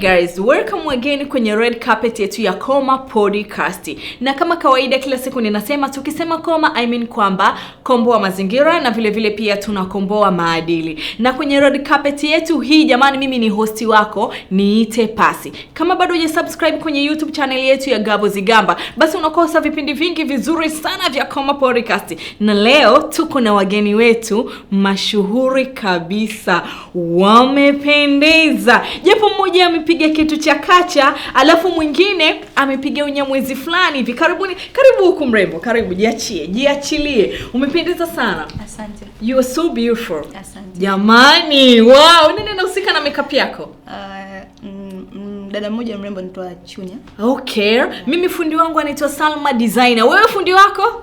guys, welcome again kwenye red carpet yetu ya Koma Podcast. Na kama kawaida kila siku ninasema tukisema Koma I mean kwamba komboa mazingira na vile vile pia tunakomboa maadili. Na kwenye red carpet yetu hii jamani, mimi ni hosti wako niite Pasi. Kama bado hujasubscribe kwenye YouTube channel yetu ya Gabo Zigamba, basi unakosa vipindi vingi vizuri sana vya Koma Podcast. Na leo tuko na wageni wetu mashuhuri kabisa, wamependeza japo mmoja amepiga kitu cha kacha, alafu mwingine amepiga unyamwezi fulani hivi. Karibuni, karibu huku mrembo, karibu, jiachie, jiachilie, umependeza sana. Asante. You are so beautiful. Asante. Jamani, wow, nini nahusika na makeup yako? Uh, mm, mm, dada mmoja mrembo anaitwa Chunya. Okay. Yeah. Mimi fundi wangu anaitwa Salma Designer. Wewe fundi wako?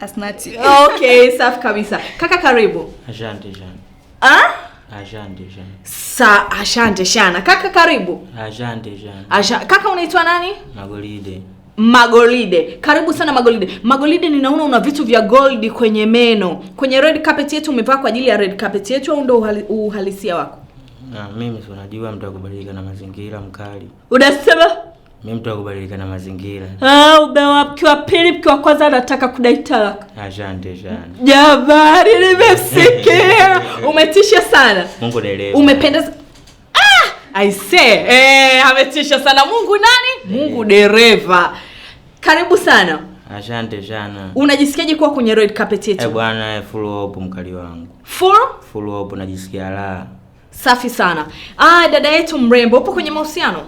Asnati. Okay, safi kabisa. Kaka karibu. Asante, asante. Ah? Asante Shana. Sa asante Shana. Kaka karibu. Asante Shana. Asha, kaka unaitwa nani? Magolide. Magolide, karibu sana Magolide. Magolide, ninaona una vitu vya gold kwenye meno. Kwenye red carpet yetu umevaa kwa ajili ya red carpet yetu au ndio uhali, uhalisia wako? Na mimi si unajua mtu akubadilika na mazingira mkali. Unasema? Mimi mtu akubadilika na mazingira. Ah, ube wapi wa pili wa kwanza anataka kudai talaka. Asante Shana. Jamani, nimesikia. umetisha sana Mungu naelewa. Umependeza ah, I say eh, ametisha sana Mungu nani? Mungu eh. dereva. Karibu sana. Asante sana. Unajisikiaje kuwa kwenye red carpet eh, yetu? Eh, bwana full hope mkali wangu. Full? Full hope najisikia raha. Safi sana. Ah, dada yetu mrembo, upo kwenye mahusiano?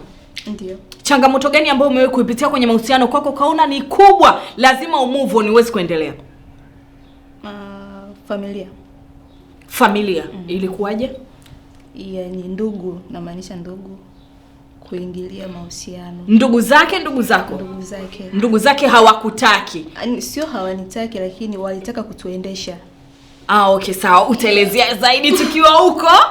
Ndio. Changamoto gani ambayo umewahi kuipitia kwenye mahusiano kwako kaona ni kubwa, lazima umove on uweze kuendelea? Uh, familia familia mm -hmm. Ilikuwaje? Yani ndugu, namaanisha ndugu kuingilia mahusiano. Ndugu zake, ndugu zako? Ndugu zake, ndugu zake hawakutaki? Sio hawanitaki, lakini walitaka kutuendesha. Ah, okay, sawa, utaelezea zaidi tukiwa huko.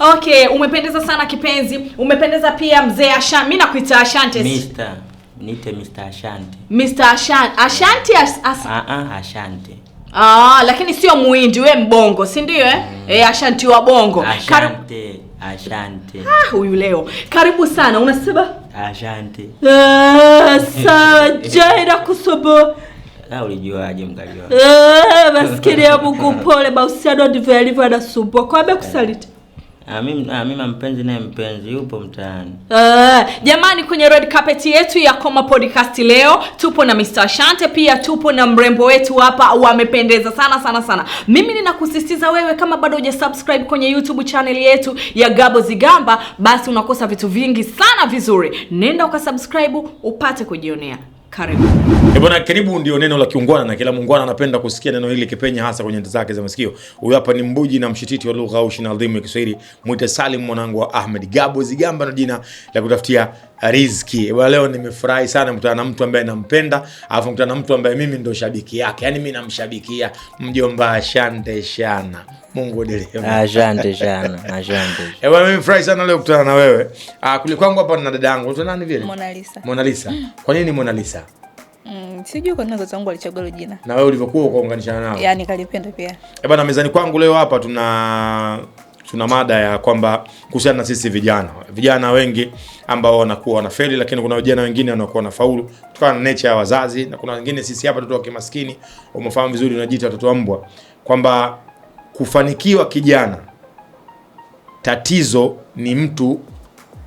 Okay, umependeza sana kipenzi, umependeza pia mzee asha Mimi nakuita Ashante. Mr. Nite Mr. Ashante. Mr. Ashan. Ashanti as, as... Ah, ah, Ashante. Ah, lakini sio muhindi we mbongo, si ndio eh? Mm. Eh, ashanti wa bongo. Asante. Asante. Ah, huyu leo. Karibu sana. Unasema? Asante. Ah, sawa. Jaira kusobo. Na ah, ulijuaje mkajua? Eh, ah, maskini ya Mungu pole, mahusiano ndivyo yalivyo anasumbua. Kwa nini kusaliti? Ah, Mima ah, mpenzi naye mpenzi yupo mtaani. Uh, jamani kwenye red carpet yetu ya Koma Podcast leo tupo na Mr. Shante, pia tupo na mrembo wetu hapa, wamependeza sana sana sana. Mimi ninakusisitiza wewe kama bado hujasubscribe kwenye YouTube channel yetu ya Gabo Zigamba, basi unakosa vitu vingi sana vizuri. Nenda ukasubscribe upate kujionea. Karibu. E bwana, karibu ndio neno la kiungwana na kila muungwana anapenda kusikia neno hili kipenya hasa kwenye nta zake za masikio. Huyu hapa ni mbuji na mshititi wa lugha au shina adhimu ya Kiswahili. Mwite Salim mwanangu wa Ahmed Gabo Zigamba na jina la kutafutia riziki. Leo nimefurahi sana kukutana na mtu ambaye nampenda, alafu kukutana na mtu ambaye mimi ndo shabiki yake, yaani mi namshabikia mjomba. Asante sana Mungu dereva. Asante sana, asante. Eh, mimi furahi sana leo kukutana na wewe. Ah, kule kwangu hapa na dada yangu. Unaitwa nani vile? Mona Lisa. Mona Lisa. Mm. Kwa nini Mona Lisa? Mm, sijui kwa nini wazazi wangu walichagua hilo jina. Na wewe ulivyokuwa ukaunganishana nao? Yaani kalipenda pia. Eh, bana mezani kwangu leo hapa tuna tuna mada ya kwamba kuhusiana na sisi vijana, vijana wengi ambao wanakuwa wanafeli, lakini kuna vijana wengine wanakuwa wanafaulu kutokana na nature ya wazazi, na kuna wengine sisi hapa watoto wa kimaskini, umefahamu vizuri, unajiita watoto wa mbwa, kwamba kufanikiwa kijana, tatizo ni mtu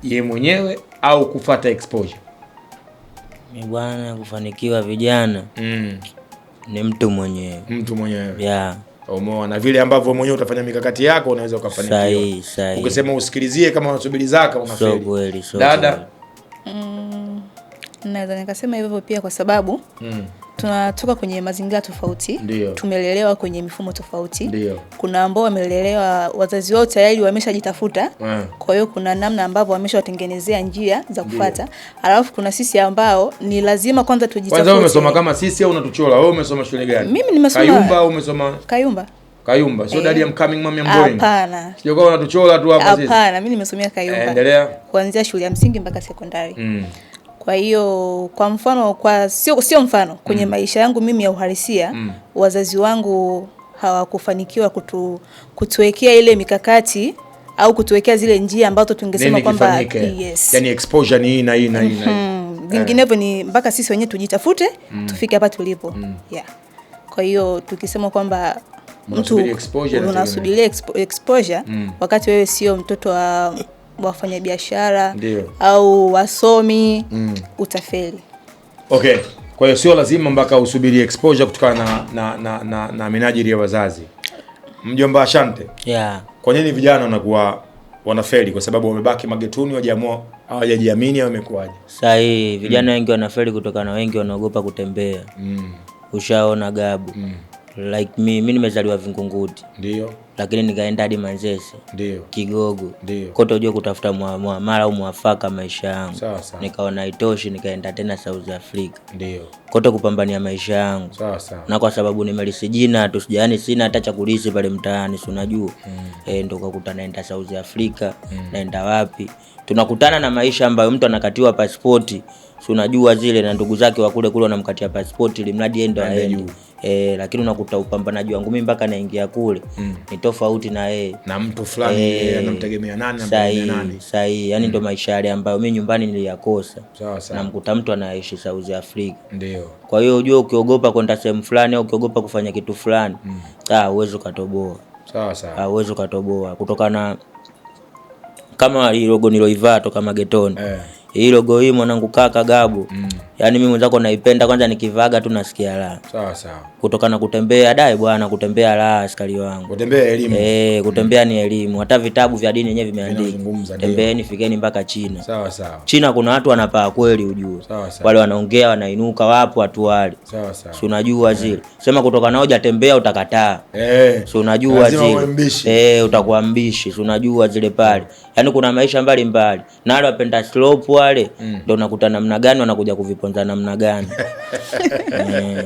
ye mwenyewe au kufata exposure ni bwana. Kufanikiwa vijana mm. ni mtu mwenyewe, mtu mwenyewe yeah Umeona, vile ambavyo mwenyewe utafanya mikakati yako unaweza ukafanikiwa. Ukisema usikilizie kama unasubiri zaka unafeli. So, kweli, so, dada. Mm, naweza nikasema hivyo pia kwa sababu mm tunatoka kwenye mazingira tofauti, tumelelewa kwenye mifumo tofauti. Ndiyo. kuna ambao wamelelewa wazazi wao tayari wameshajitafuta, ah. kwa hiyo kuna namna ambavyo wameshawatengenezea njia za kufata, alafu kuna sisi ambao ni lazima kwanza tujitafute. Kwanza umesoma kama sisi au unatuchora wewe? Umesoma shule gani? Mimi nimesoma Kayumba. umesoma Kayumba? Kayumba sio dadi ya eh, mcoming mami mboy. Hapana. Sio kwa unatuchora tu hapa sisi. Hapana, mimi nimesomea Kayumba. Eh, endelea. Kuanzia shule ya msingi mpaka sekondari. Mm. Kwa hiyo kwa mfano kwa sio, sio mfano kwenye mm. maisha yangu mimi ya uhalisia mm. wazazi wangu hawakufanikiwa kutu, kutuwekea ile mikakati au kutuwekea zile njia ambazo tungesema kwamba yes. Yani exposure ni hii na hii na hii. Mm-hmm. Eh. Vinginevyo ni mpaka sisi wenyewe tujitafute mm. tufike hapa tulipo mm. yeah. Kwa hiyo tukisema kwamba mtu unasubiria exposure, expo, exposure mm. wakati wewe sio mtoto wa wafanyabiashara au wasomi mm. utafeli. Okay, kwa hiyo sio lazima mpaka usubiri exposure kutokana na, na, na, na, na minajiri ya wazazi. Mjomba Ashante, yeah. Kwa nini vijana wanakuwa wanafeli? Kwa sababu wamebaki magetuni, wajaamua hawajajiamini, wamekuwaje? Sahihi, vijana mm. wengi wanafeli kutokana, wengi wanaogopa kutembea mm. Ushaona gabu mm. like me, mi nimezaliwa Vingunguti ndio lakini nikaenda hadi Manzese, ndio Kigogo, kote ujue kutafuta mwamala au mwafaka maisha yangu. Nikaona itoshi nikaenda tena South Africa, ndio kote kupambania maisha yangu. Na kwa sababu nimelisi jina tu, yaani sina hata cha kulisi pale mtaani, si unajua mm. E, ndo kakuta naenda South Africa mm. naenda wapi, tunakutana na maisha ambayo mtu anakatiwa pasipoti, si unajua zile, na ndugu zake wa kule kule wanamkatia pasipoti ili mradi aende aende e, lakini unakuta upambanaji wangu mimi mpaka naingia kule mm. ni tofauti na yeye na mtu fulani e, anamtegemea nani na nani sahihi, yani mm. ndio maisha yale ambayo mimi nyumbani niliyakosa. namkuta mtu anaishi South Africa ndio. Kwa hiyo unajua ukiogopa kwenda sehemu fulani au ukiogopa kufanya kitu fulani mm. ah, uweze ukatoboa. Sawa sawa, ah, uwezo ukatoboa kutokana kama logo niloivaa toka magetoni eh hii logo hii mwanangu, kaka Kagabo mm. Yaani mimi mwenzako naipenda, kwanza nikivaga tu nasikia raha. Sawa sawa kutokana kutembea dai bwana, kutembea la askari wangu, kutembea elimu e, kutembea ni elimu. Hata vitabu vya dini yenyewe vimeandikwa, tembeeni, fikeni mpaka China. Sawa sawa, China kuna watu wanapaa kweli, ujue wale wanaongea wanainuka, wapo watu wale, sawa sawa, si unajua yeah. Zile sema kutoka nao jatembea utakataa, eh, si unajua zile eh, utakuwa mbishi, si unajua zile pale, yani kuna maisha mbalimbali na wale wapenda slope wale mm. ndio mm. nakuta namna gani wanakuja kuviponza namna gani eh.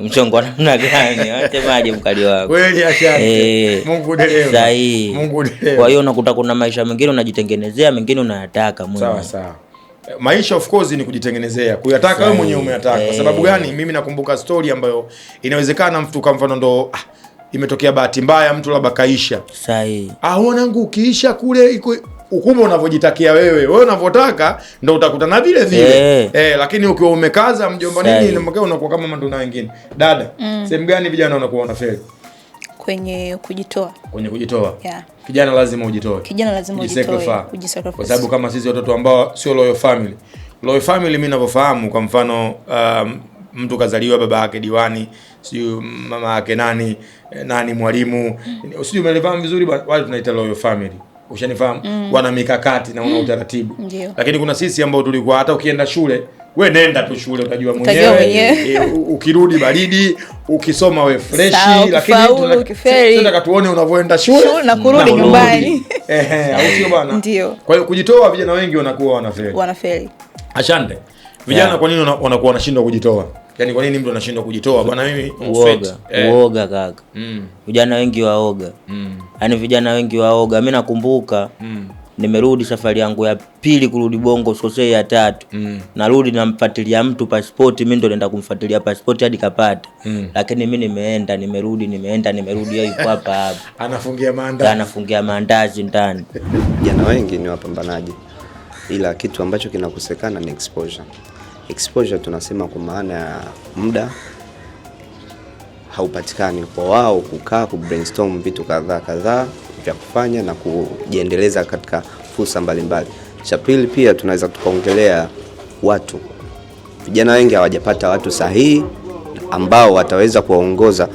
mchongo namna gani? Wasemaje mkali wako kweli? Asante eh, Mungu dereva sahihi, Mungu dereva. Kwa hiyo unakuta kuna maisha mengine unajitengenezea, mengine unayataka mwenyewe. Sawa sawa, maisha of course ni kujitengenezea, kuyataka wewe mwenyewe umeyataka. Kwa eh. sababu gani? Mimi nakumbuka story ambayo inawezekana mtu kama mfano ndo ah, imetokea bahati mbaya, mtu labda kaisha. Sahihi, ah, wanangu ukiisha kule iko ukubwa unavyojitakia wewe, wewe unavyotaka ndo utakutana vile vile hey. Eh. eh, lakini ukiwa umekaza mjomba nini inamakao unakuwa kama matunda wengine. Dada, mm. sehemu gani vijana wanakuwa wanafeli? Kwenye kujitoa, kwenye kujitoa yeah. Kijana lazima ujitoe, kijana lazima ujitoe, kujisacrifice, kwa sababu kama sisi watoto ambao sio loyal family. Loyal family mimi ninavyofahamu, kwa mfano um, mtu kazaliwa baba yake diwani, sijui mama yake nani eh, nani mwalimu, mm. sijui umeelewa vizuri, wale tunaita loyal family ushanifahamu mm. wana mikakati na wana mm. utaratibu Lakini kuna sisi ambao tulikuwa hata ukienda shule we nenda tu shule utajua mwenyewe e, ukirudi baridi, ukisoma we freshi, lakini tunataka tuone unavyoenda shule na kurudi nyumbani ehe, au sio bana? Ndio. Kwa hiyo kujitoa, vijana wengi wanakuwa wanafeli wanafeli. Ashante vijana yeah. Kwa nini wanakuwa wanashindwa kujitoa? yani kwa nini mtu anashindwa kujitoa bwana, mimi uoga eh, uoga kaka. Mm. Vijana wengi waoga. Mm. yani vijana wengi waoga. Mimi nakumbuka mm. nimerudi safari yangu ya pili kurudi Bongo sosei ya tatu. Mm. Narudi namfatilia mtu pasipoti, mimi ndo naenda kumfuatilia pasipoti hadi kapata. Mm. Lakini mimi nimeenda, nimerudi, nimeenda, nimerudi yeye yuko hapa hapa. Anafungia maandazi. Anafungia maandazi ndani. Vijana wengi ni wapambanaji. Ila kitu ambacho kinakosekana ni exposure exposure tunasema kwa maana ya muda haupatikani kwa wao kukaa brainstorm vitu kadhaa kadhaa vya kufanya na kujiendeleza katika fursa mbalimbali. Cha pili pia tunaweza tukaongelea watu, vijana wengi hawajapata watu sahihi ambao wataweza kuwaongoza,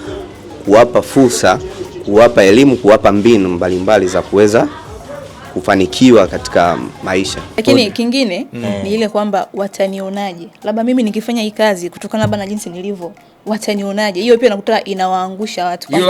kuwapa fursa, kuwapa elimu, kuwapa mbinu mbalimbali za kuweza kufanikiwa katika maisha. Lakini kingine mm. ni mm. ile kwamba watanionaje, labda mimi nikifanya hii kazi kutokana labda na jinsi nilivyo watanionaje. Hiyo pia nakuta inawaangusha watu kwa mm,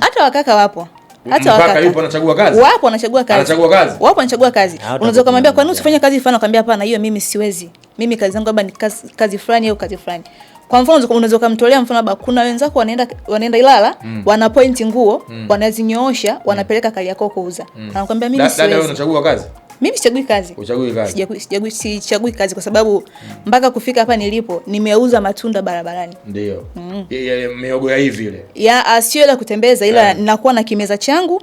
hata wakaka wapo mm, hata wakaka anachagua kazi, wapo wanachagua kazi, anachagua kazi, wapo kazi. Unaweza kumwambia kwa nini usifanye kazi fulani, akwambia hapana, hiyo mimi siwezi, mimi kazi zangu labda ni kazi, kazi fulani au kazi fulani kwa mfano unaweza kumtolea mfano labda kuna wenzako wanaenda wanaenda Ilala, mm. wana point nguo, mm. wanazinyoosha, mm. wanapeleka yako kuuza. Mm. Anakuambia mimi siwezi. Dada wewe unachagua kazi? Mimi sichagui kazi. Uchagui kazi. Sijagui, sijagui, kazi kwa sababu mpaka kufika hapa nilipo nimeuza matunda barabarani. Ndio. Mm. miogo ya hivi ile. Ya ah, sio ila kutembeza ila yeah. Nakuwa na kimeza changu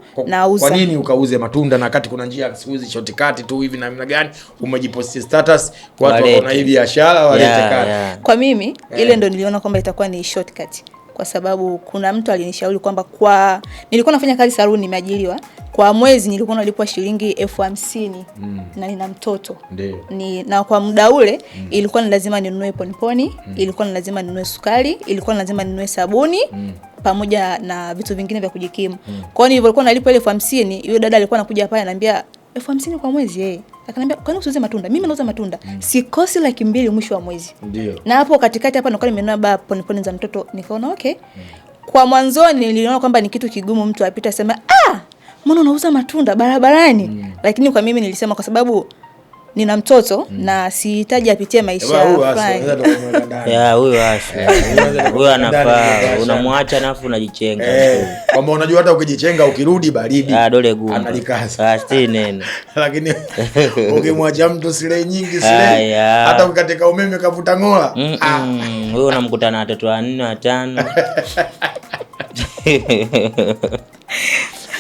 uza. Kwa nini ukauze matunda na wakati kuna njia siku hizi shortcut tu hivi na namna gani umejiposti status watu wanaona hii biashara walete yeah, yeah. Kwa mimi yeah. Ile ndo niliona kwamba itakuwa ni shortcut kwa sababu kuna mtu alinishauri kwamba kwa nilikuwa nafanya kazi saluni, nimeajiriwa kwa mwezi nilikuwa nalipwa shilingi elfu hamsini mm. na nina mtoto ni, na kwa muda ule mm. ilikuwa ni lazima ninunue poniponi mm. ilikuwa ni lazima ninunue sukari, ilikuwa ni lazima ninunue sabuni mm. pamoja na vitu vingine vya kujikimu mm. kwa hiyo nilivyokuwa nalipwa elfu hamsini yule dada alikuwa anakuja hapa ananiambia elfu hamsini kwa mwezi yeye eh. akaniambia kwani usiuze matunda? Mimi nauza matunda mm. sikosi laki mbili mwisho wa mwezi. Ndio. Na hapo katikati hapa nimenua baa poniponi za mtoto, nikaona okay mm. Kwa mwanzoni niliona kwamba ni kitu kigumu mtu apita sema ah, mbona unauza matunda barabarani? mm. Lakini kwa mimi nilisema kwa sababu nina mtoto mm. na sihitaji apitie maisha huyo eh, anafaa, unamwacha nafu unajichenga eh, kwamba unajua hata ukijichenga ukirudi baridi ah, dole ah, lakini ukimwacha mtu sile nyingi ah, hata katika umeme kavuta ng'ola huyu unamkuta na watoto wanne watano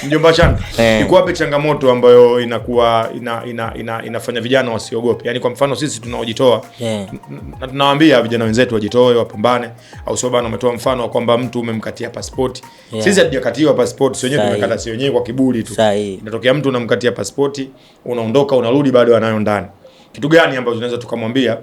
mjomba changa eh. Ikuwape changamoto ambayo inakuwa ina, ina, ina, inafanya vijana wasiogope, yani kwa mfano sisi tunaojitoa eh. na tunawaambia vijana wenzetu wajitoe, wapambane, au sio bana? Umetoa mfano wa kwamba mtu umemkatia pasipoti yeah. Sisi hatujakatiwa pasipoti, si wenyewe tumekata, si wenyewe kwa kiburi tu. Inatokea mtu unamkatia pasipoti, unaondoka, unarudi bado anayo ndani. Kitu gani ambacho tunaweza tukamwambia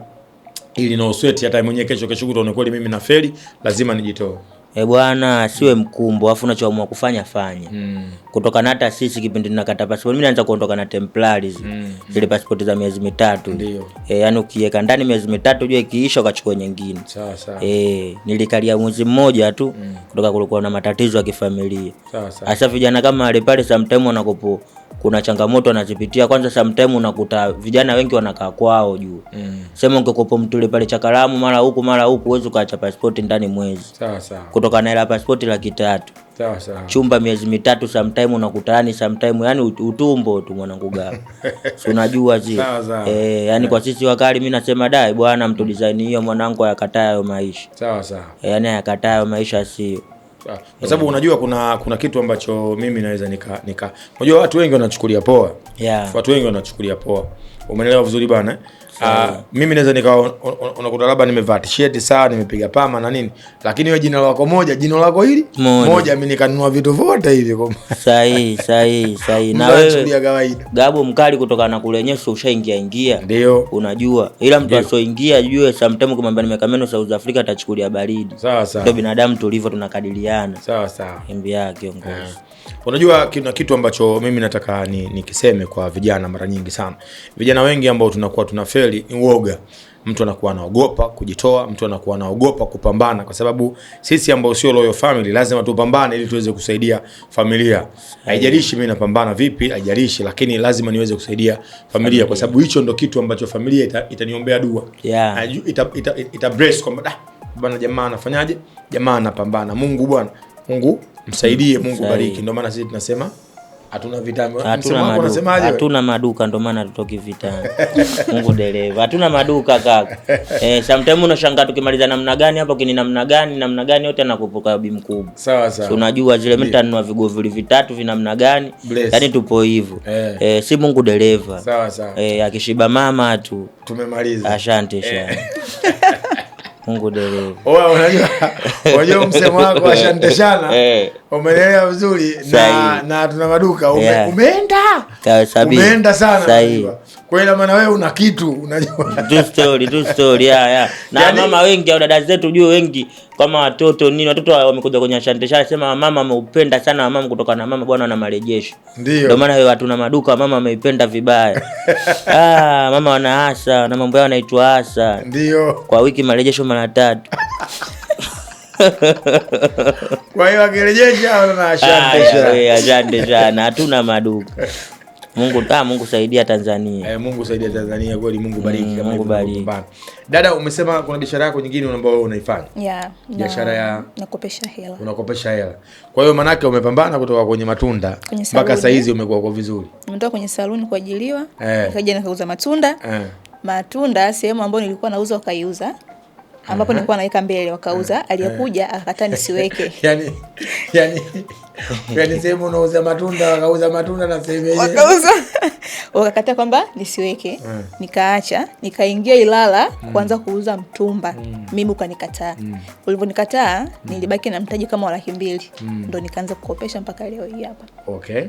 ili na usweti hata mwenyewe kesho kesho kutwa, kweli mimi na feli, lazima nijitoe e bwana, siwe mkumbo, afu unachoamua kufanya fanya. Mm. Kutoka hata sisi kipindi tunakata passport, mimi naanza kuondoka na templari mm. zile passport za miezi mitatu. Ndio. E, eh, yani ukiweka ndani miezi mitatu jua ikiisha ukachukua nyingine. Sawa sawa. Eh, nilikalia mwezi mmoja tu mm. kutoka kulikuwa na matatizo ya kifamilia. Sawa sawa. Asa vijana kama wale pale sometime wanakopo kuna changamoto anazipitia. Kwanza sometime unakuta vijana wengi wanakaa kwao juu mm. sema ungekopo mtule pale Chakaramu mara huku mara huku, huwezi ukaacha pasipoti ndani mwezi sawa sawa, kutoka na hela pasipoti laki tatu sawa sawa, chumba miezi mitatu, sometime unakuta yani sometime yani utumbo tu mwanangu gaba si unajua zi sawa sawa eh, yani kwa eh. sisi wakali mimi nasema dai bwana mtu design hiyo mwanangu, ayakataa hayo maisha sawa sawa, eh, yani ayakataa hayo maisha sio Ah, kwa sababu yeah. Mm. Unajua kuna kuna kitu ambacho mimi naweza nika nika, unajua watu wengi wanachukulia poa yeah. Watu wengi wanachukulia poa Umeelewa vizuri bana? Uh, mimi naweza nikawa unakuta labda nimevaa t-shirt sawa, nimepiga pama na nini, lakini wewe jina lako moja, jina lako hili moja, mimi nikanunua vitu vyote hivi kwa sahihi sahihi sahihi. Na wewe Gabo mkali kutoka na nyeso, ushaingia ingia, ndio unajua, ila mtu asoingia ajue sometimes, kumwambia nimeka meno South Africa atachukulia baridi. Sawa sawa, ndio binadamu tulivyo, tunakadiliana. Sawa sawa, mbia kiongozi ah. Unajua, kuna kitu ambacho mimi nataka nikiseme ni kwa vijana. Mara nyingi sana vijana wengi ambao tunakuwa tunafeli ni uoga. Mtu anakuwa anaogopa kujitoa, mtu anakuwa anaogopa kupambana, kwa sababu sisi ambao sio loyal family lazima tupambane ili tuweze kusaidia familia. Haijalishi mimi napambana vipi, haijalishi lakini lazima niweze kusaidia familia, kwa sababu hicho ndo kitu ambacho familia ita, itaniombea dua yeah. ita, ita, ita, ita kwamba bwana, jamaa anafanyaje, jamaa anapambana. Mungu bwana, Mungu msaidie Mungu bariki. Ndio maana sisi tunasema hatuna vitani, hatuna maduka, hatuna maduka, ndio maana tutoki vitani. Mungu dereva, hatuna maduka kaka. Eh, sometimes unashangaa tukimaliza namna gani hapo kini namna gani namna gani, yote anakupoka bi mkubwa. Sawa sawa, unajua zile mimi vigo vigovuli vitatu vina namna gani, yaani tupo hivyo eh. Eh, si Mungu dereva. Sawa sawa, eh, akishiba mama tu tumemaliza. Asante eh. sana eh. Mungu dele. Oa unajua unajua msemo wako ashanteshana. Eh. Umeelewa vizuri na na tuna maduka ume, yeah. Umeenda. Umeenda sana. Sahi. Kwa hiyo maana wewe una kitu unajua. True story, true story. Yeah, yeah. Na yani, mama wengi au dada zetu juu wengi kama watoto nini watoto wamekuja kwenye Ashanti Sha sema mama ameupenda sana wamama kutoka na mama bwana na marejesho. Ndio. Ndio maana watu na maduka mama ameipenda vibaya. Ah, mama wana hasa na mambo yao yanaitwa hasa. Ndio. Kwa wiki marejesho mara tatu. Kwa hiyo akirejesha wana Ashanti ah, Sha. Ashanti Sha, hatuna maduka. Mungu ah, Mungu saidia Tanzania. Eh, Mungu saidia Tanzania kweli, Mungu mm, bariki mm, kama Mungu bariki. Dada, umesema kuna biashara yako nyingine ambayo unaifanya? Yeah, biashara ya nakopesha hela. Unakopesha hela. Kwa hiyo manake umepambana kutoka kwenye matunda mpaka sasa hizi umekuwa kwa vizuri. Nimetoka kwenye saluni kuajiliwa, eh. nikaja eh, nikauza matunda. Eh. Matunda sehemu ambayo nilikuwa nauza wakaiuza ambapo nilikuwa naweka mbele, wakauza. Eh, aliyekuja akakataa eh. nisiweke. Yani, yani, yani sehemu unauza matunda wakauza matunda na sehemu wakauza kwamba nisiweke. Eh. Nikaacha, nikaingia Ilala mm. kuanza kuuza mtumba. Mm. Mimi ukanikataa, mm. ulivyonikataa nilibaki na mtaji kama wa laki mbili, ndo nikaanza kukopesha mpaka leo hii hapa. Okay,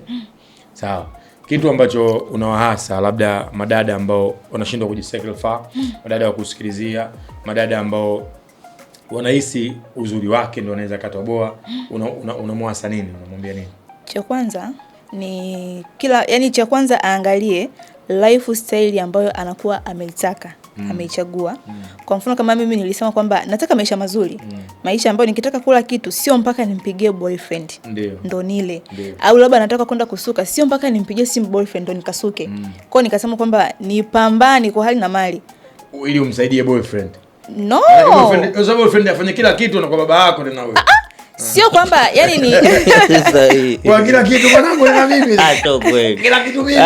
sawa kitu ambacho unawahasa labda madada ambao wanashindwa kujisacrifice, madada wa kusikilizia, madada ambao wanahisi uzuri wake ndio anaweza katoboa, unamwasa una, una nini, unamwambia nini? Cha kwanza ni kila, yani cha kwanza aangalie lifestyle ambayo anakuwa ameitaka mm. ameichagua mm. Kwa mfano kama mimi nilisema kwamba nataka maisha mazuri mm. maisha ambayo nikitaka kula kitu sio mpaka nimpigie boyfriend ndo nile, au labda nataka kwenda kusuka sio mpaka nimpigie simu boyfriend ndo nikasuke mm. Kwao nikasema kwamba nipambane kwa hali na mali ili umsaidie boyfriend no, boyfriend afanye kila kitu na kwa baba yako tena wewe sio kwamba yani ni kwa kila kitu mwanangu, na mimi ah, kila kitu mimi,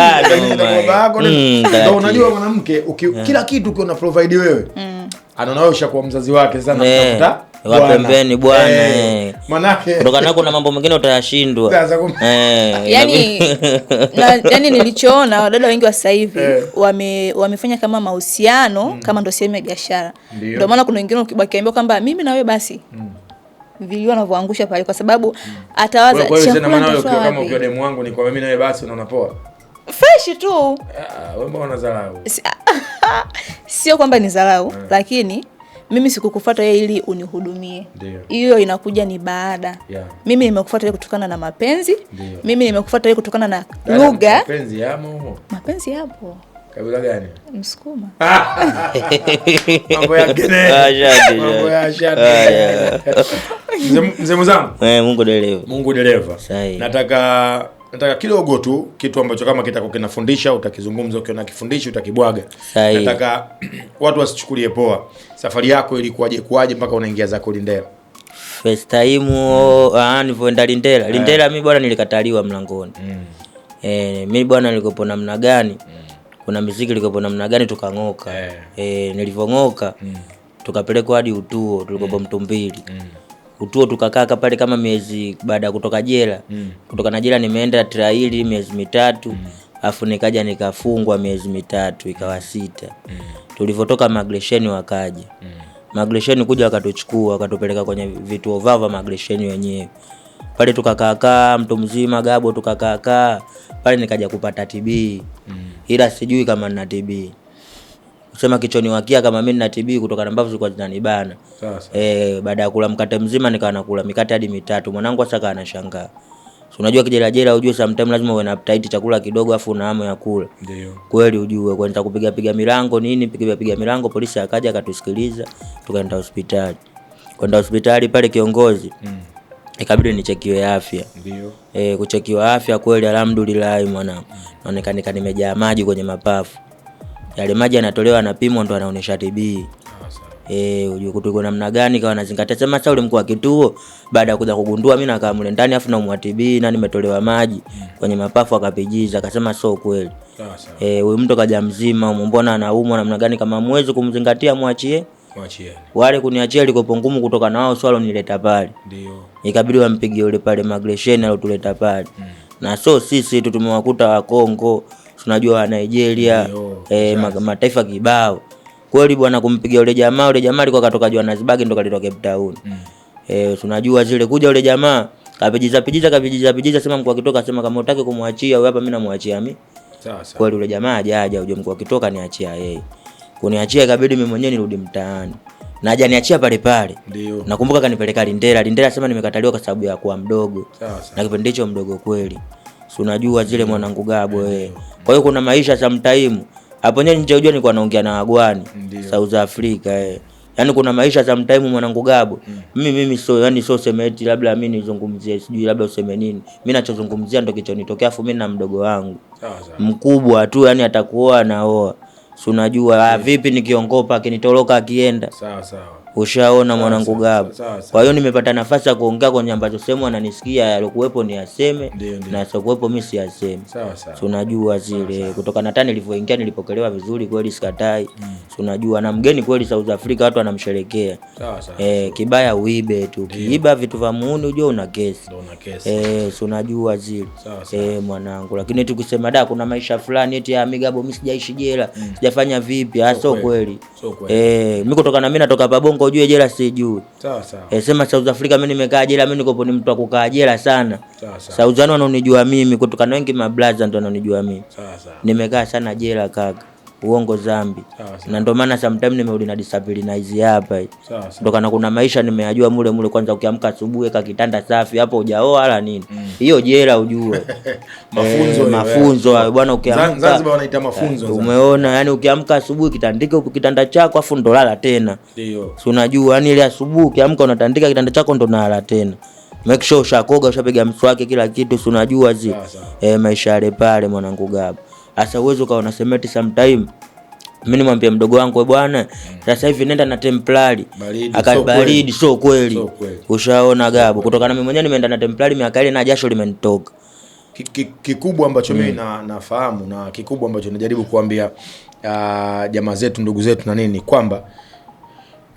baba ah, yako mm, ndio unajua. Mwanamke kila kitu ukiona provide wewe, mm. anaona wewe ushakuwa mzazi wake sana, utakuta eh, wa pembeni bwana, eh, eh. manake kutokana kuna mambo mengine utayashindwa. Yani na, yani nilichoona wadada wengi wa sasa hivi wame wamefanya kama mahusiano mm. kama ndio sehemu ya biashara, ndio maana kuna wengine ukiambiwa kwamba mimi na wewe basi mm vilio anavyoangusha pale, kwa sababu atawaza wewe Kama ukiwa demu wangu ni kwa mimi wewe basi unaona poa fresh tu. Ah, wewe mbona unadharau? Sio kwamba ni dharau, ah. lakini mimi sikukufuata yeye ili unihudumie. Hiyo inakuja ni baada. Yeah. Mimi nimekufuata yeye kutokana na mapenzi. Deo. Mimi nimekufuata yeye kutokana na lugha. Mapenzi yamo. Mapenzi yapo. Kabila gani? Msukuma. Ah! Mzee mwenzangu. Eh, Mungu dereva. Mungu dereva. Nataka nataka kidogo tu kitu ambacho kama kitako kinafundisha utakizungumza, ukiona kifundishi utakibwaga. Nataka watu wasichukulie poa. Safari yako ilikuwaje kuwaje mpaka unaingia zako Lindela? First time mm. Lindela. Eh. Lindela mimi bwana nilikataliwa mlangoni. Mm. Eh, mimi bwana nilikopo namna gani? Mm miziki likopo namna gani, tukang'oka yeah. E, eh, nilivyong'oka mm. tukapelekwa hadi utuo tulikopo mm. Mtumbili mm. utuo tukakaa pale kama miezi baada ya kutoka jela mm. kutoka na jela nimeenda traili miezi mitatu mm. afu nikaja nikafungwa miezi mitatu ikawa sita mm. tulivyotoka magresheni wakaja mm. magresheni kuja wakatuchukua wakatupeleka kwenye vituo vao vya magresheni wenyewe pale tukakaakaa, mtu mzima Gabo tukakaakaa pale, nikaja kupata TB mm. ila sijui kama nina TB sema kichoni wakia kama mi nina TB kutoka na mbavu zilikuwa zinanibana. e, baada ya kula mkate mzima nikawa nakula mikate hadi mitatu. Mwanangu sasa kana anashangaa. unajua kijerajera ujue samtim lazima uwe na chakula kidogo afu una hamu ya kula. Kweli ujue kwenda kupigapiga milango nini pigapiga milango polisi akaja akatusikiliza tukaenda hospitali. Kwenda hospitali pale kiongozi. Mm ikabidi nichekiwe afya ndio. E, kuchekiwa afya kweli, alhamdulillah mwanangu, naonekanika nimejaa maji kwenye mapafu yale maji yanatolewa, anapimwa ndo anaonesha TB. Eh, unajua kutoka namna gani kawa nazingatia sema sasa ule mkuu wa kituo baada ya kuja kugundua mimi nakaa mle ndani afu na umwatibii na nimetolewa maji kwenye mapafu akapijiza akasema sio kweli. Sawa sawa. Eh, huyu mtu kaja mzima, mbona anaumwa namna gani kama mwezi kumzingatia mwachie wale kuniachia ilikopo ngumu kutoka na wao swala nileta pale, Ndio. ikabidi wampigie yule pale magresheni alotuleta pale mm. na so sisi tu tumewakuta wa Kongo, tunajua wa Nigeria eh, mataifa kibao kweli bwana, kumpigia yule jamaa. Yule jamaa alikuwa katoka Johannesburg ndo kalitoka Cape Town mm. eh, tunajua zile kuja yule jamaa kapijiza pijiza kapijiza pijiza, sema mkuu akitoka, sema kama unataka kumwachia wewe hapa, mimi namwachia mimi. Sawa sawa, kweli yule jamaa ajaja, uje mkuu akitoka niachia yeye Hey kuniachia, ikabidi mimi mwenyewe nirudi mtaani na hajaniachia pale pale. Ndio. Nakumbuka kanipeleka Lindera. Lindera sema nimekataliwa kwa sababu ya kuwa mdogo. Sasa. Na kipindi hicho mdogo kweli. Si unajua zile mwanangu gabo wewe. Eh. Kwa hiyo kuna maisha sometime. Hapo nyenye nje unajua nilikuwa naongea na wagwani South Africa eh. Yaani kuna maisha sometime mwanangu gabo. Mm. Mimi mimi sio yani so yaani semeti labda mimi nizungumzie sijui labda useme nini. Mimi nachozungumzia ndio kichonitokea afu mimi na mdogo wangu. Sasa. Mkubwa tu yani atakuoa naoa si unajua ah, vipi, nikiongopa akinitoroka akienda sawa sawa Ushaona mwanangu Gaba. Kwa hiyo nimepata nafasi ya kuongea kwenye ambacho sehemu ananisikia yalikuwepo ni aseme na siokuwepo mimi si aseme. Unajua zile kutoka na tani nilivyoingia nilipokelewa vizuri kweli sikatai. Mm. Unajua na mgeni kweli South Africa watu wanamsherekea. e, kibaya uibe tu. Kiiba vitu vya muuni unajua una kesi. Eh, unajua zile. Eh, mwanangu lakini tukisema da kuna maisha fulani eti ya ah, Migabo mimi sijaishi jela. Mm. Sijafanya vipi? Ah, sio kweli. Eh, mimi kutoka na mimi natoka Pabongo ujue jela sijui. Sawa sawa. Eh, sema South Africa mimi nimekaa jela mimi niko ni mtu wa kukaa jela sana. Sawa sawa. South wananijua mimi kutokana wengi mablaza ndio wananijua mimi. Sawa sawa. Nimekaa sana jela kaka uongo zambi na ndio maana sometimes nimerudi na disability hapa kana kuna maisha nimeyajua mule mule. Kwanza ukiamka asubuhi ka kitanda safi hapo, hujaoa wala nini, mm. hiyo mm. jela ujue mafunzo eh, mafunzo bwana, ukiamka Zanzibar wanaita mafunzo eh, umeona yani, ukiamka asubuhi kitandike kitanda chako afu ndo lala tena, ndio si unajua yani ile asubuhi ukiamka unatandika kitanda chako ndo nalala tena make sure ushakoga ushapiga mswaki kila kitu, si unajua zi eh, maisha yale pale mwanangu gaba Asa uwezo ukawa unasemeti sometime mimi nimwambia mdogo wangu bwana, sasa hivi nenda na templari akabaridi. So kweli, Ushaona Gabo, kutokana mimi mwenyewe nimeenda na templari miaka ile na jasho limenitoka. Kikubwa ambacho mimi mm. na nafahamu na kikubwa ambacho najaribu kuambia ah, jamaa zetu ndugu zetu na nini, kwamba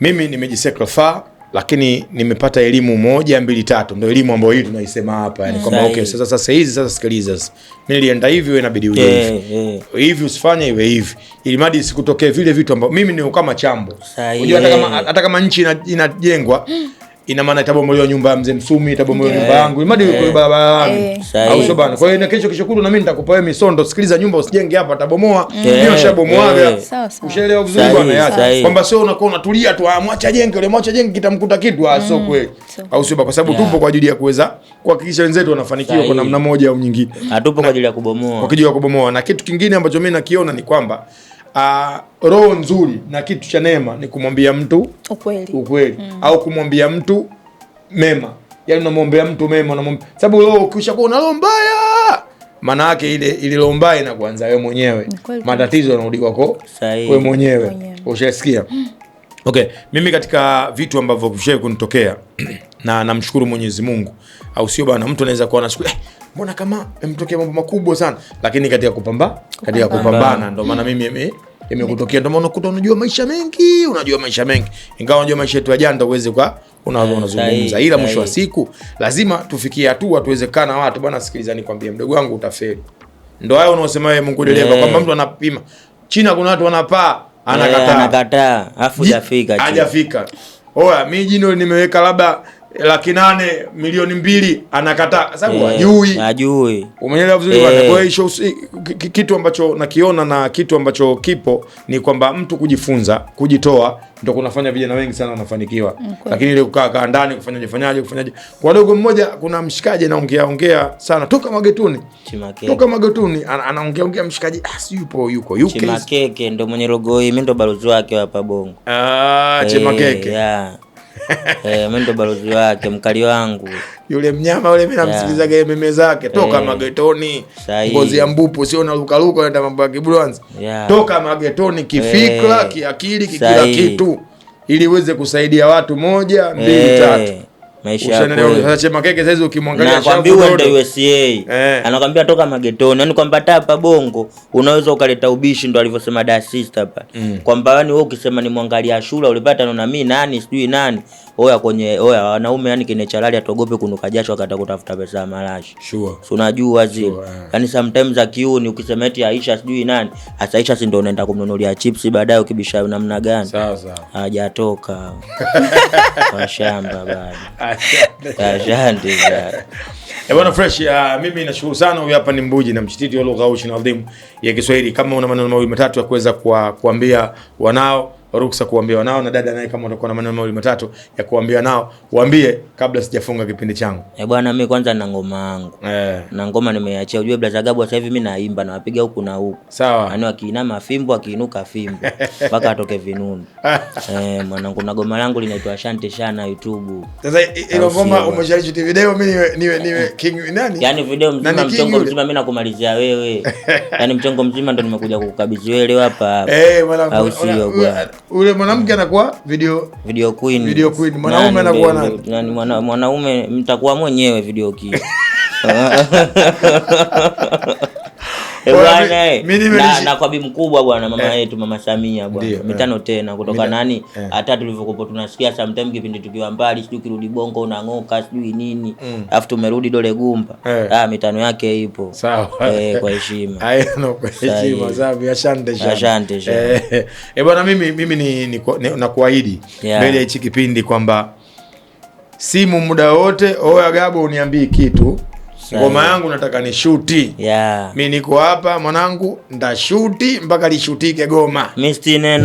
mimi nimejisacrifice lakini nimepata elimu moja mbili tatu, ndio elimu ambayo hii tunaisema hapa yani, kwamba okay, sasa sasa hizi sasa, sikiliza sasa, mimi nilienda hivi, wewe inabidi uje hivi hivi usifanye iwe hivi, ili madi sikutokee vile vitu ambavyo mimi ni kama chambo. Unajua, hata kama hata kama nchi inajengwa ina ina maana itabomolewa nyumba ya mzee Msumi, itabomolewa nyumba eh. yangu imadi yuko eh. kwa barabara eh. au sio bana? Kwa hiyo na kesho kesho kutu na mimi nitakupa wewe misondo, sikiliza, nyumba usijenge hapa, atabomoa ndio shabomoaga. Ushaelewa vizuri bwana yaa kwamba sio unakuwa unatulia tu, amwacha ah, jenge yule, mwacha jenge kitamkuta kitu, ah, sio mm, kweli au sio? Kwa sababu tupo kwa ajili ya kuweza kuhakikisha wenzetu wanafanikiwa kwa namna moja au nyingine, hatupo ah, kwa ajili ya kubomoa, kwa ajili ya kubomoa. Na kitu kingine ambacho mimi nakiona ni kwamba uh, roho nzuri na kitu cha neema ni kumwambia mtu ukweli, ukweli. Mm. au kumwambia mtu mema, yani unamwombea mtu mema, unamwambia sababu roho ukishakuwa na roho mbaya maana yake ile ile roho mbaya inakuanza wewe mwenyewe, matatizo yanarudi kwako wewe mwenyewe. Ushasikia? Mm. Okay, mimi katika vitu ambavyo vishawahi kunitokea na namshukuru Mwenyezi Mungu, au sio bwana? Mtu anaweza kuwa anashukuru eh, mbona kama mtokea mambo makubwa sana, lakini katika kupamba katika kupambana mm. ndo maana mimi mm imekutokea ndio maana unakuta unajua maisha mengi, unajua maisha mengi, ingawa unajua maisha yetu ya jana uweze kwa ah, unazungumza, ila mwisho wa siku lazima tufikie hatua tuweze kaa na watu bwana, sikiliza, nikwambie mdogo wangu, utafeli. Ndo hayo unaosema wewe Mungu dereva, eh. kwamba mtu anapima China, kuna watu wanapaa, anakataa eh, anakataa, afu jafika ajafika Oya, mimi jino nimeweka labda laki nane milioni mbili anakataa, sababu eh, hajui yeah, hajui. Umeelewa vizuri bwana? Eh. Kwa hiyo kitu ambacho nakiona na kitu ambacho kipo ni kwamba mtu kujifunza, kujitoa ndio kunafanya vijana wengi sana wanafanikiwa, okay. Mm, Lakini ile kukaa kaa ndani kufanyaje fanyaje kufanyaje, kwa dogo mmoja, kuna mshikaji anaongea ongea sana toka magetuni Chimakeke. toka magetuni anaongea ongea mshikaji, ah, si yupo yuko UK Chimakeke ndo mwenye rogoi hii, mimi ndo balozi wake hapa Bongo. Ah, eh, Chimakeke yeah. Eh, mimi ndo balozi wake, mkali wangu. Yule mnyama yule mimi namsikilizaga yeah. Meme zake eh. toka hey. magetoni. Ngozi ya mbupu sio na luka luka na mambo ya kibulwanzi. Yeah. Toka magetoni kifikra, hey. Eh. kiakili, kila kitu ili uweze kusaidia watu moja, mbili, yeah. tatu maisha yako wewe. Chema keke sasa, ukimwangalia anakuambia uende USA eh, anakuambia toka magetoni, yani kwamba hata hapa Bongo unaweza ukaleta ubishi, ndo alivyosema Da Sister hapa mm, kwamba yani wewe ukisema ni mwangalia shula ulipata naona mimi nani sijui nani, oya kwenye oya wanaume yani kinechalali atogope kunuka jasho akata kutafuta pesa ya marashi sure, si unajua zile sure, eh, yani sometimes akiuni ukisema eti Aisha sijui nani, hasa Aisha sindo ndio unaenda kumnunulia chips baadaye ukibisha namna gani? Sawa sawa, hajatoka kwa shamba bado ah, Asante sana. Eh, bwana Fresh, uh, mimi nashukuru sana. Huyu hapa ni Mbuji na mshititi wa lugha au shina adhimu ya Kiswahili. Kama una maneno mawili matatu ya kuweza kuwaambia wanao ruksa kuambiwa nao na dada naye, kama utakuwa na maneno mawili matatu ya kuambia nao, waambie kabla sijafunga kipindi changu. Eh bwana, mimi kwanza na ngoma yangu eh, na ngoma nimeachia. Ujue blaza gabu sasa hivi mimi naimba na wapiga huku na huku, sawa, yani wakiinama fimbo, akiinuka fimbo mpaka atoke vinunu eh mwanangu, na ngoma langu linaitwa Asante Sana YouTube. Sasa ile ngoma umesharishiti video, mimi niwe niwe niwe king nani, yani video mzima, mchongo mzima, mimi nakumalizia wewe, yani mchongo mzima ndo nimekuja kukukabidhi wewe hapa hapa, eh mwanangu, au sio bwana ule mwanamke anakuwa video video queen, video queen. Mwanaume anakuwa nani? Nani mwanaume? Mtakuwa mwenyewe video queen Eh, bwana, eh, na kwa bi mkubwa bwana, mama eh. yetu mama Samia bwana, mitano tena kutoka nani, hata tulivyokuwa tunasikia sometimes kipindi tukiwa mbali, sijui kirudi Bongo unang'oka sijui nini, mm. afu tumerudi Dole Gumba, ah, mitano yake ipo sawa, eh, kwa heshima asante asante eh bwana, mimi mimi ni, ni, ni nakuahidi yeah. mbele ya hichi kipindi kwamba simu muda wote oya Gabo, uniambii kitu ngoma yangu nataka ni shuti yeah. Mi niko hapa mwanangu, ndashuti mpaka lishutike goma.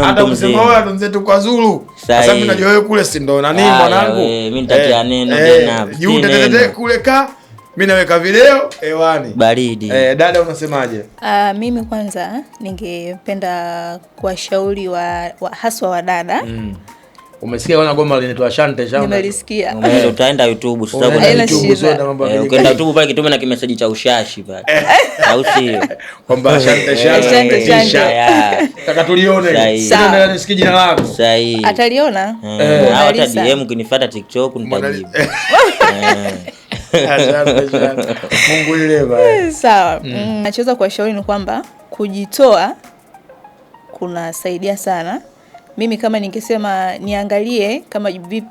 Hata msema wenzetu kwa Zulu, sasa mimi najua wewe kule si ndo nani mwanangu, mimi nitatia eh, neno eh, juu tetetete kule ka mi naweka video hewani baridi. Eh, dada unasemaje? Uh, mimi kwanza ningependa kuwashauri wa, wa haswa wa dada mm. Umesikia wana goma linaitwa Shante Shante? Nimelisikia. Ndio utaenda YouTube sasa kuna YouTube zote eh, Ukienda YouTube pale kitume na kimeseji cha ushashi pale. Au sio? Kwamba eh, Shante eh, Shante Shante. Taka tulione. Sasa nisikie jina lako. Sahihi. Ataliona. Au hata DM kunifuata TikTok nitajibu. Mungu ile baya. Sawa. Mm. Mm, nachoweza kuwashauri ni kwamba kujitoa kunasaidia sana mimi kama ningesema niangalie kama vipi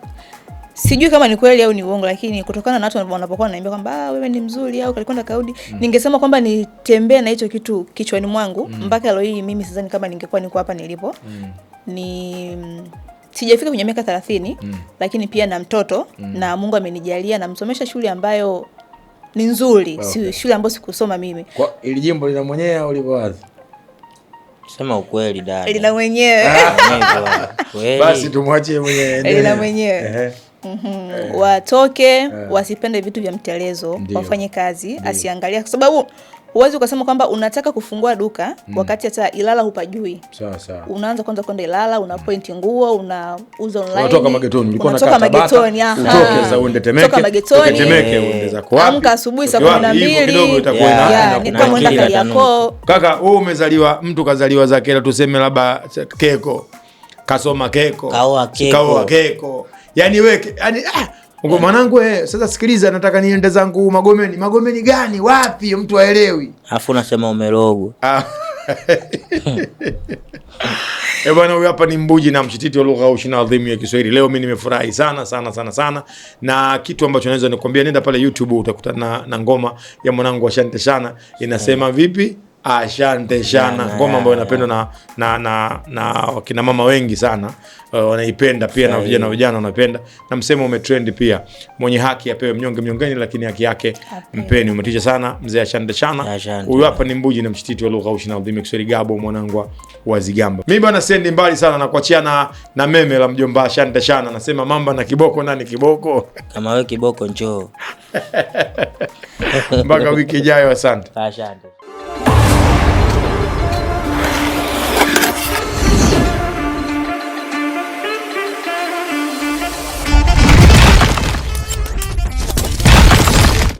sijui kama ni kweli au ni uongo, lakini kutokana na watu wanapokuwa wananiambia kwamba ah, wewe ni mzuri au kalikwenda kaudi mm. ningesema kwamba nitembee na hicho kitu kichwani mwangu mm. mpaka leo hii mimi sidhani kama ningekuwa niko hapa nilipo mm. ni sijafika kwenye miaka thelathini mm. lakini pia na mtoto mm. na Mungu amenijalia namsomesha shule ambayo ni nzuri ah, okay. shule ambayo sikusoma mimi. Kwa ili jimbo lina mwenyewe au lipo wazi? Sema ukweli dada. Lina mwenyewe. Ah, Basi tumwachie mwenyewe. Lina mwenyewe. Mhm. Watoke, eh. wasipende vitu vya mtelezo, wafanye kazi, asiangalia kwa sababu huwezi ukasema kwamba unataka kufungua duka mm. wakati hata Ilala hupajui. Sawa sawa. Unaanza kwanza kwenda Ilala, una mm. point nguo, unauza online. Unatoka magetoni, ulikuwa unakata Magetoni, aha. Utoke za uende Temeke. magetoni. Temeke uende za kwa. Amka asubuhi saa 12. Hiyo kidogo itakuwa ina Kaka, wewe umezaliwa, mtu kazaliwa za kela tuseme labda Keko. Kasoma Keko. Kaoa Keko. Kaoa Keko. Yaani wewe, yaani ah Uko eh. mwanangu eh, sasa sikiliza, nataka niende zangu Magomeni. Magomeni gani? Wapi? Mtu aelewi. Alafu unasema umerogwa. Ah. Eh, bwana huyu hapa ni mbuji na mshititi wa lugha ushina adhimu ya Kiswahili. Leo mimi nimefurahi sana sana sana sana, na kitu ambacho naweza nikwambia, nenda pale YouTube utakutana na ngoma ya mwanangu Ashante Shana inasema eh. vipi? Asante sana ngoma ambayo inapendwa na na na na wakina mama wengi sana uh, wanaipenda pia Shai. na vijana vijana wanapenda na msemo umetrend pia, mwenye haki apewe, mnyonge mnyongeni, lakini haki yake mpeni. Umetisha sana mzee, asante sana. Huyu hapa ni mbuji na mshititi wa lugha ushi na udhimi Kiswahili, Gabo mwanangu wa Zigamba. Mimi bwana sendi mbali sana na kuachiana na meme la mjomba, asante sana. Nasema mamba na kiboko, nani kiboko kama wewe, kiboko njoo mpaka wiki ijayo, asante asante.